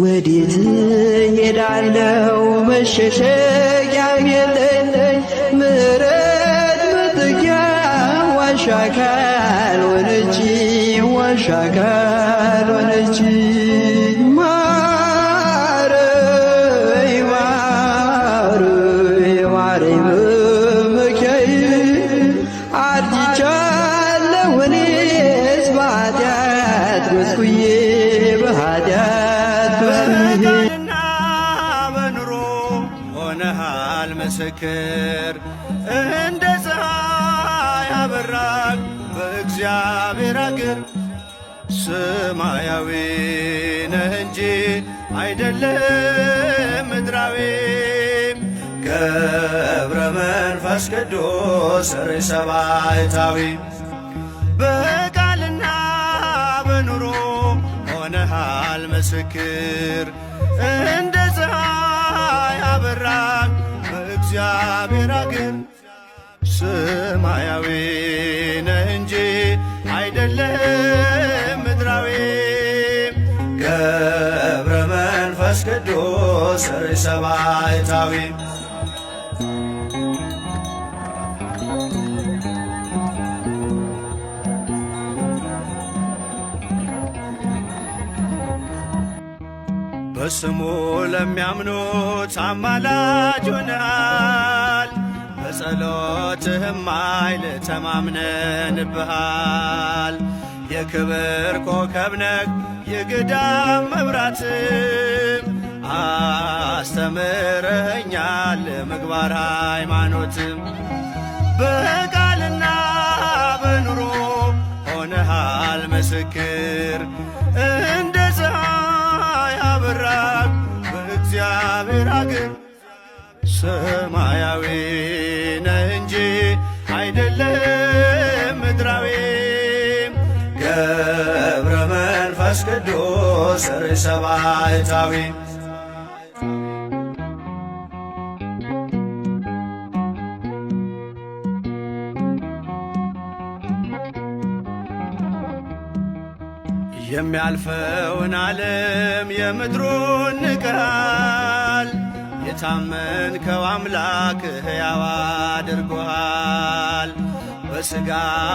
ወዴት ሄዳለው? መሸሸጊያ የለኝ። ምሕረት መጠጊያ ዋሻ ካልሆነች ዋሻ ካልሆነች ስንመሰክር እንደ ፀሐይ አበራን በእግዚአብሔር አገር። ሰማያዊ ነህ እንጂ አይደለም ምድራዊ። ገብረ መንፈስ ቅዱስ ሰሬ ባሕታዊ በቃልና በኑሮ ሆነሃል ምስክር እንደ ሰማያዊ ነህ እንጂ አይደለም ምድራዊ። ገብረ መንፈስ ቅዱስ ርእሰ ባሕታዊ በስሙ ለሚያምኑት አማላጅ ሆነሃል። በጸሎትህም ኃይል ተማምነንብሃል። የክብር ኮከብ ነህ የገዳም መብራትም አስተምረኛል ምግባር ሃይማኖትም በቃልና በኑሮ ሆነሃል ምስክር እንደ ፀሐይ አበራክ በእግዚአብሔር አገር ሰማያዊ ቅዱስ ርዕሰ ባሕታዊ የሚያልፈውን ዓለም የምድሩን ንቅራል የታመንከው አምላክ ሕያው አድርጎሃል። በሥጋ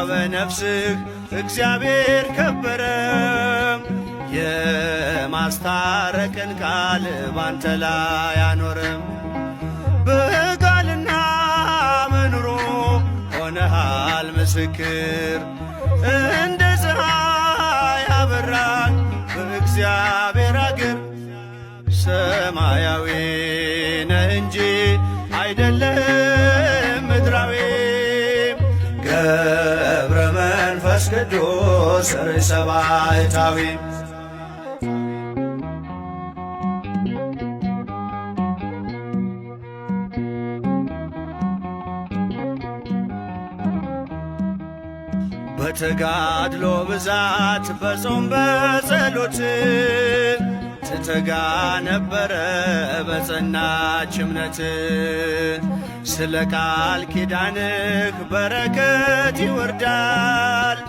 በነፍስህ እግዚአብሔር ከበረ የማስታረቅን ቃል ባንተ ላይ አኖርም በቃልና መኖሮ ሆነሃል ምስክር እንደ ፀሐይ አበራን በእግዚአብሔር አገር ሰማያዊ ነ እንጂ አይደለም ምድራዊ ገብረ መንፈስ ቅዱስ ርሰባይታዊ በተጋድሎ ብዛት በጾም በጸሎት ትተጋ ነበረ በጸናች እምነት ስለ ቃል ኪዳንህ በረከት ይወርዳል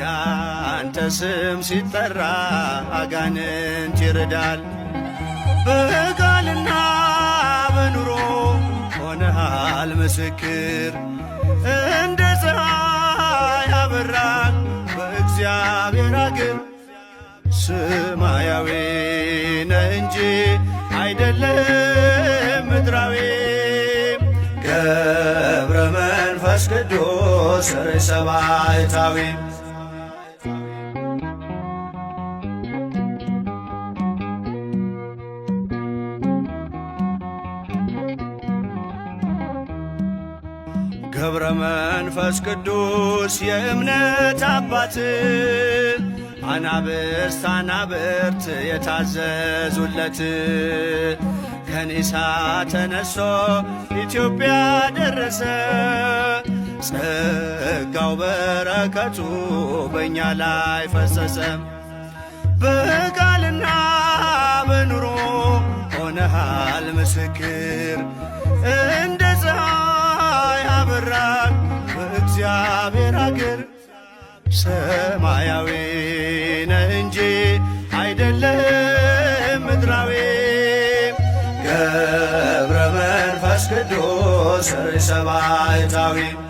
ያንተ ስም ሲጠራ አጋንንት ይርዳል። በቃልና በኑሮ ሆነሃል ምስክር እንደ አገር ሰማያዊ ነህ እንጂ አይደለም ምድራዊ። ገብረ መንፈስ ቅዱስ ርሰ ገብረ መንፈስ ቅዱስ የእምነት አባት አናብርት አናብርት የታዘዙለት ከኒሳ ተነሶ ኢትዮጵያ ደረሰ። ጸጋው በረከቱ በእኛ ላይ ፈሰሰ። በቃልና በኑሮ ሆነሃል ምስክር ሰማያዊ ነህ እንጂ አይደለም ምድራዊ። ገብረ መንፈስ ቅዱስ ሰማይታዊ